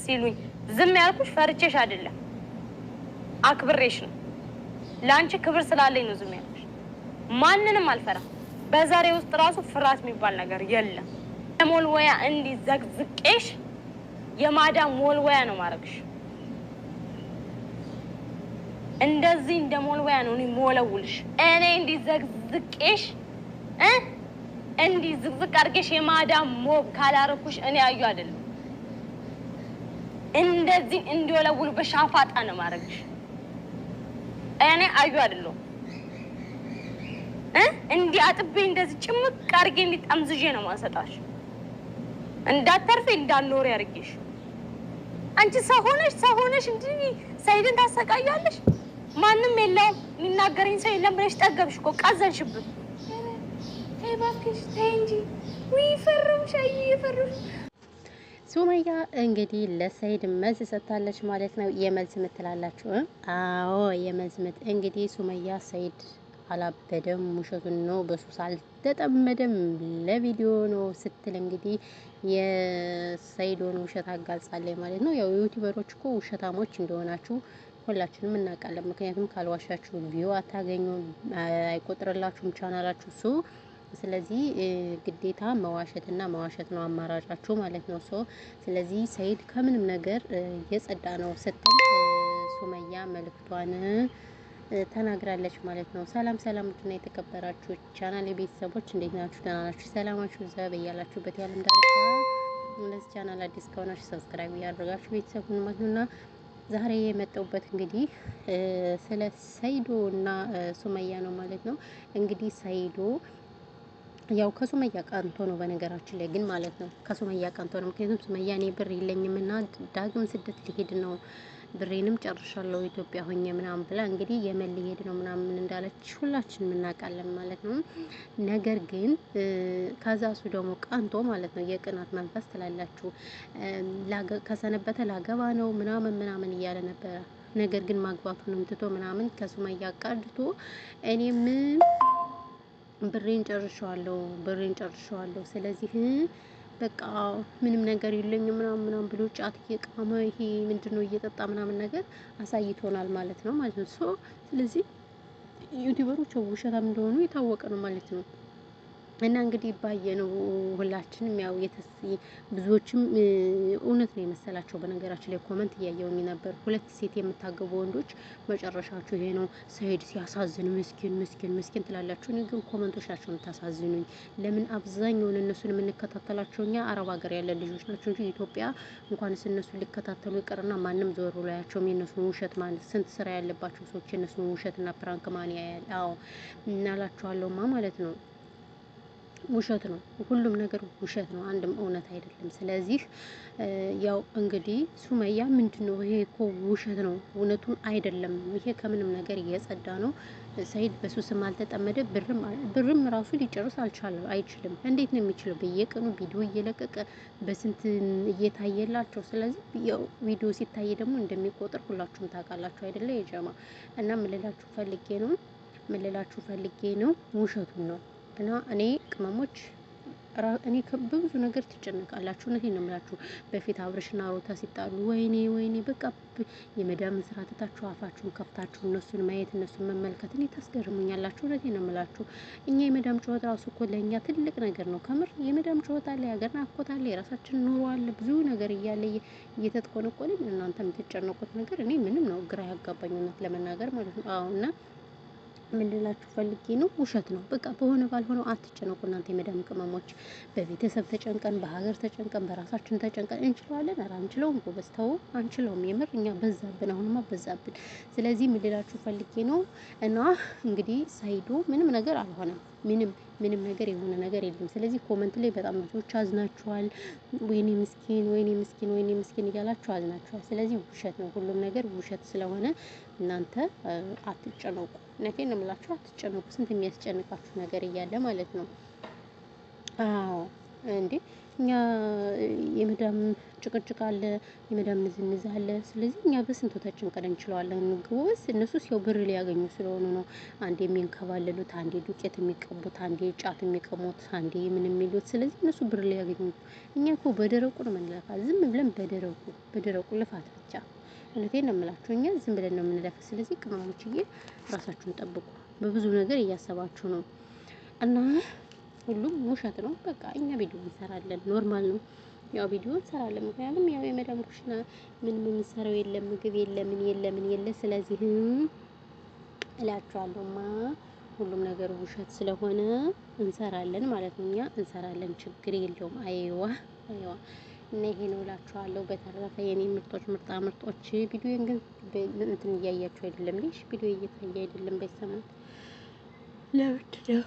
ሲሉኝ ዝም ያልኩሽ ፈርቼሽ አይደለም፣ አክብሬሽ ነው። ለአንቺ ክብር ስላለኝ ነው ዝም ያልኩሽ። ማንንም አልፈራም። በዛሬ ውስጥ ራሱ ፍርሃት የሚባል ነገር የለም። የሞልወያ እንዲህ ዘግዝቄሽ የማዳም ሞልወያ ነው ማድረግሽ። እንደዚህ እንደ ሞልወያ ነው እኔ ሞለውልሽ። እኔ እንዲህ ዘግዝቄሽ እንዲህ ዝቅዝቅ አድርጌሽ የማዳም ሞብ ካላረኩሽ እኔ አዩ አይደለም እንደዚህ እንዲወለውሉ በሻፋጣ ነው ማድረግሽ። እኔ አዩ አይደለሁ እንዲህ አጥቤ እንደዚህ ጭምቅ አድርጌ እንዲጠምዝዤ ነው ማንሰጣሽ። እንዳተርፌ እንዳልኖር ያድርጌሽ። አንቺ ሰው ሆነሽ ሰው ሆነሽ እንዲህ ሰይድን ታሰቃያለሽ። ማንም የለውም የሚናገረኝ ሰው የለም ብለሽ ጠገብሽ እኮ ቀዘንሽብን። እባክሽ ተይ እንጂ ውይ ፈረምሽ፣ አይ ፈረምሽ ሱመያ እንግዲህ ለሰይድ መልስ ሰጥታለች ማለት ነው። የመልስ ምትላላችሁ? አዎ የመልስ ምት እንግዲህ ሱመያ ሰይድ አላበደም፣ ውሸቱን ነው፣ በሱስ አልተጠመደም፣ ለቪዲዮ ነው ስትል እንግዲህ የሰይዶን ውሸት አጋልጻለች ማለት ነው። ያው ዩቲዩበሮች እኮ ውሸታሞች እንደሆናችሁ ሁላችንም እናውቃለን። ምክንያቱም ካልዋሻችሁ ቪው አታገኙም፣ አይቆጥርላችሁም ቻናላችሁ ሱ ስለዚህ ግዴታ መዋሸትና መዋሸት ነው አማራጫችሁ ማለት ነው። ሶ ስለዚህ ሰይድ ከምንም ነገር የጸዳ ነው ስትል ሱመያ መልእክቷን ተናግራለች ማለት ነው። ሰላም ሰላም፣ ውድና የተከበራችሁ ቻናል የቤተሰቦች እንዴት ናችሁ? ደህና ናችሁ? ሰላማችሁ ዘብ እያላችሁበት የዓለም ዳርቻ። ለዚህ ቻናል አዲስ ከሆናችሁ ሰብስክራይብ እያደረጋችሁ ቤተሰቡ ማለት ነውና ዛሬ የመጣሁበት እንግዲህ ስለ ሰይዶ እና ሱመያ ነው ማለት ነው። እንግዲህ ሰይዶ ያው ከሱመያ ቀንቶ ነው በነገራችን ላይ ግን ማለት ነው። ከሱመያ ቀንቶ ነው። ምክንያቱም ሱመያ እኔ ብር የለኝም እና ዳግም ስደት ሊሄድ ነው ብሬንም ጨርሻለሁ ኢትዮጵያ ሆኜ ምናምን ብላ እንግዲህ የመን ሊሄድ ነው ምናምን እንዳለች ሁላችን እናውቃለን ማለት ነው። ነገር ግን ከዛ እሱ ደግሞ ቀንቶ ማለት ነው የቅናት መንፈስ ትላላችሁ ከሰነበተ ላገባ ነው ምናምን ምናምን እያለ ነበረ። ነገር ግን ማግባቱንም ትቶ ምናምን ከሱመያ ቃድቶ እኔ ምን ብሬን ጨርሸዋለሁ፣ ብሬን ጨርሸዋለሁ። ስለዚህ በቃ ምንም ነገር የለኝም ምናምን ምናምን ብሎ ጫት እየቃመ ይሄ ምንድነው እየጠጣ ምናምን ነገር አሳይቶናል ማለት ነው ማለት ነው። ስለዚህ ዩቲዩበሮች ውሸታም እንደሆኑ የታወቀ ነው ማለት ነው እና እንግዲህ ባየ ነው ሁላችንም ያው ብዙዎችም እውነት ነው የመሰላቸው። በነገራችን ላይ ኮመንት እያየውኝ ነበር። ሁለት ሴት የምታገቡ ወንዶች መጨረሻችሁ ይሄ ነው። ሰሄድ ሲያሳዝን ምስኪን ምስኪን ምስኪን ትላላችሁ። እኔ ግን ኮመንቶች ናቸው የምታሳዝኑኝ። ለምን አብዛኛውን እነሱን የምንከታተላቸው እኛ አረብ ሀገር ያለ ልጆች ናቸው እንጂ ኢትዮጵያ እንኳንስ እነሱን ሊከታተሉ ይቅርና ማንም ዞሮ ብሎ የእነሱን ውሸት ማለት ስንት ስራ ያለባቸው ሰዎች የእነሱን ውሸትና ፕራንክ ማን ያያል? አዎ እናላችኋለሁማ ማለት ነው። ውሸት ነው። ሁሉም ነገር ውሸት ነው። አንድም እውነት አይደለም። ስለዚህ ያው እንግዲህ ሱመያ ምንድን ነው ይሄ እኮ ውሸት ነው፣ እውነቱን አይደለም። ይሄ ከምንም ነገር እየጸዳ ነው። ሰይድ በሱስም አልተጠመደ፣ ብርም ራሱ ሊጨርስ አልቻለም፣ አይችልም። እንዴት ነው የሚችለው? በየቀኑ ቪዲዮ እየለቀቀ በስንት እየታየላቸው። ስለዚህ ያው ቪዲዮ ሲታይ ደግሞ እንደሚቆጥር ሁላችሁም ታውቃላችሁ አይደለ? የጀማ እና ምልላችሁ ፈልጌ ነው ምልላችሁ ፈልጌ ነው ውሸቱን ነው እና እኔ ቅመሞች እኔ በብዙ ነገር ትጨነቃላችሁ። እውነቴን ነው የምላችሁ። በፊት አብርሽና ሮታ ሲጣሉ ወይኔ ወይኔ በቃ የመዳምን ስራ ትታችሁ አፋችሁን ከፍታችሁ እነሱን ማየት እነሱን መመልከት እኔ ታስገርሙኛላችሁ። እውነቴን ነው የምላችሁ። እኛ የመዳም ጨዋታ ራሱ እኮ ለእኛ ትልቅ ነገር ነው። ከምር የመዳም ጨዋታ አለ፣ የሀገር ናፍቆት አለ፣ የራሳችን ኑሮ አለ፣ ብዙ ነገር እያለ እየተጥቆነቆልን እናንተ የምትጨነቁት ነገር እኔ ምንም ነው ግራ ያጋባኝነት ለመናገር ማለት ነው አሁና ምንላችሁ ፈልጌ ነው። ውሸት ነው። በቃ በሆነ ባልሆነው አትጨነቁ እናንተ የመዳም ቅመሞች። በቤተሰብ ተጨንቀን፣ በሀገር ተጨንቀን፣ በራሳችን ተጨንቀን እንችለዋለን? ኧረ አንችለውም ጎበዝ፣ ተው አንችለውም። የምር እኛ በዛብን፣ አሁንማ በዛብን። ስለዚህ ምንላችሁ ፈልጌ ነው እና እንግዲህ ሳይዱ ምንም ነገር አልሆነም። ምንም ምንም ነገር የሆነ ነገር የለም። ስለዚህ ኮመንት ላይ በጣም ብዙዎች አዝናችኋል ወይኔ ምስኪን ወይኔ ምስኪን ወይኔ ምስኪን እያላችሁ አዝናችኋል። ስለዚህ ውሸት ነው፣ ሁሉም ነገር ውሸት ስለሆነ እናንተ አትጨነቁ። እውነቴን እንምላችሁ አትጨነቁ። ስንት የሚያስጨንቃችሁ ነገር እያለ ማለት ነው። አዎ እንዴ የመዳም ጭቅጭቅ አለ፣ የመዳም ንዝንዝ አለ። ስለዚህ እኛ በስንቶታችን ቀደም እንችለዋለን? ግቦስ እነሱ ያው ብር ሊያገኙ ስለሆኑ ነው። አንዴ የሚንከባለሉት፣ አንዴ ዱቄት የሚቀቡት፣ አንዴ ጫት የሚቀሙት፣ አንዴ ምን የሚሉት። ስለዚህ እነሱ ብር ሊያገኙ፣ እኛ እኮ በደረቁ ነው የምንለፋ። ዝም ብለን በደረቁ በደረቁ ልፋት ብቻ። እውነቴን ነው የምላችሁ፣ እኛ ዝም ብለን ነው የምንለፋ። ስለዚህ ቅመሞችዬ ራሳችሁን ጠብቁ። በብዙ ነገር እያሰባችሁ ነው እና ሁሉም ውሸት ነው። በቃ እኛ ቪዲዮ እንሰራለን፣ ኖርማል ነው። ያው ቪዲዮ እንሰራለን፣ ምክንያቱም ያው የመዳም ኩሽና ምን ሰራው የለም፣ ምግብ የለምን ምን የለ፣ ምን የለ። ስለዚህ እላችኋለሁማ ሁሉም ነገር ውሸት ስለሆነ እንሰራለን ማለት ነው። እኛ እንሰራለን፣ ችግር የለውም። አይዋ አይዋ እና ይሄ ነው እላችኋለሁ። በተረፈ የኔ ምርቶች ምርጣ ምርጦች ቪዲዮን ግን እንትን እያያችሁ አይደለም ልሽ ቪዲዮ እየታየ አይደለም ቤተሰማት ለምንድን ነው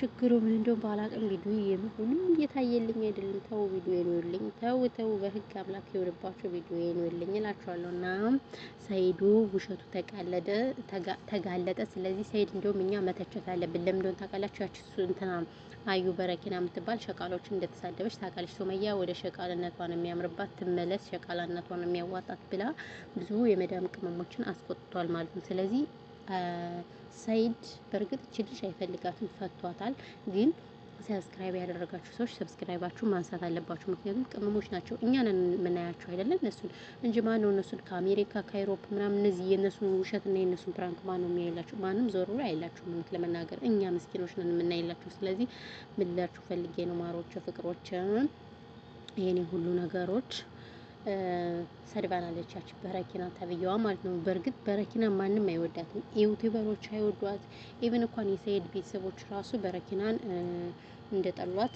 ችግሩ ምን እንደሆነ ባላቅም ቪዲዮ የምሁንም እየታየልኝ አይደለም። ተው ቪዲዮ ይኖርልኝ፣ ተው ተው፣ በህግ አምላክ የሆነባቸው ቪዲዮ ይኖርልኝ እላቸዋለሁ። እና ሰይዱ ውሸቱ ተቃለደ ተጋለጠ። ስለዚህ ሰይድ እንደውም እኛ መተቸት አለብን። ለምን እንደሆነ ታውቃላችሁ? ያቺ እሱ እንትና አዩ በረኪና የምትባል ሸቃሎችን እንደተሳደበች ታውቃለች። ሶመያ ወደ ሸቃልነቷ ነው የሚያምርባት፣ ትመለስ፣ ሸቃላነቷ ነው የሚያዋጣት ብላ ብዙ የመዳም ቅመሞችን አስቆጥቷል ማለት ነው። ስለዚህ ሰይድ በእርግጥ እቺ ልጅ አይፈልጋትም፣ ፈቷታል። ግን ሰብስክራይብ ያደረጋችሁ ሰዎች ሰብስክራይባችሁ ማንሳት አለባችሁ። ምክንያቱም ቅመሞች ናቸው፣ እኛን የምናያቸው አይደለም እነሱን እንጂ። ማነው እነሱን ከአሜሪካ ከአይሮፕ ምናምን እነዚህ የእነሱን ውሸትና የእነሱን ፕራንክ ማነው የሚያይላችሁ? ማንም ዞር ብሎ አይላችሁ። ምንት ለመናገር እኛ ምስኪኖች ነን የምናይላቸው። ስለዚህ ምላችሁ ፈልጌ ነው ማሮች፣ ፍቅሮች፣ የኔ ሁሉ ነገሮች ሰድባናለች ያች በረኪና ተብዬዋ ማለት ነው። በእርግጥ በረኪና ማንም አይወዳትም፣ ዩቲዩበሮች አይወዷት። ኢቭን እንኳን የሰይድ ቤተሰቦች ራሱ በረኪናን እንደጠሏት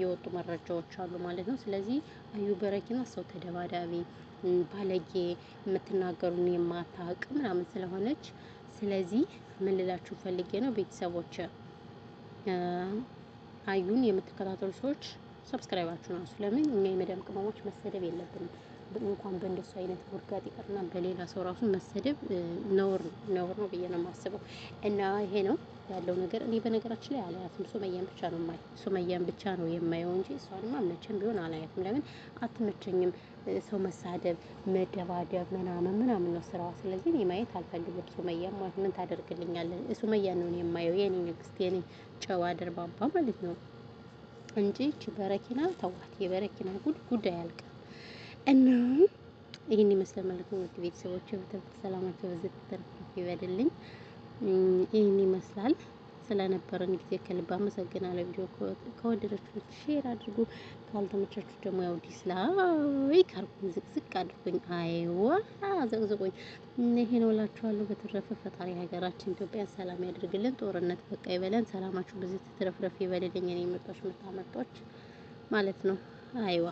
የወጡ መረጃዎች አሉ ማለት ነው። ስለዚህ አዩ በረኪና ሰው ተደባዳቢ፣ ባለጌ፣ የምትናገሩን የማታውቅ ምናምን ስለሆነች ስለዚህ ምን ልላችሁ ፈልጌ ነው ቤተሰቦች አዩን የምትከታተሉ ሰዎች ሰብስክራይባችሁ ነው። ስለምን እኛ የመዳም ቅመሞች መሰደብ የለብንም። እንኳን በእንደሱ አይነት ውርጋት ይቀርና በሌላ ሰው ራሱ መሰደብ ነውር ነው ነውር ነው ብዬ ነው የማስበው። እና ይሄ ነው ያለው ነገር። እኔ በነገራችን ላይ አላያትም፣ ሱመያን ብቻ ነው የማይ ሱመያን ብቻ ነው የማየው እንጂ እሷንማ መቼም ቢሆን አላያትም። ለምን አትመቸኝም። ሰው መሳደብ፣ መደባደብ ምናምን ምናምን ነው ስራዋ። ስለዚህ እኔ ማየት አልፈልግም። ሱመያ ምን ታደርግልኛለን? ሱመያ ነው የማየው የኔ ንግስት፣ የኔ ጨዋ ደርባባ ማለት ነው። እንጂ እቺ በረኪና ተዋት። የበረኪና ጉድ ጉድ አያልቅም እና ይህን ይመስላል ማለት ነው። ውድ ቤተሰቦች ሰላማቸው በዘት ተርፍ ይበልልኝ። ይህን ይመስላል። ስለነበረን ጊዜ ከልብ አመሰግናለሁ። ቪዲዮ ከወደዳችሁ ሼር አድርጉ፣ ካልተመቻችሁ ደግሞ ያው ዲስላይክ አድርጉኝ፣ ዝቅዝቅ አድርጉኝ። አይዋ ዘቅዝቁኝ። ይሄን እላችኋለሁ። በተረፈ ፈጣሪ ሀገራችን ኢትዮጵያ ሰላም ያድርግልን፣ ጦርነት በቃ ይበለን፣ ሰላማችሁ ብዙ ትትረፍረፍ ይበልልኝ። እኔ ምርጦች ምታመርጦች ማለት ነው። አይዋ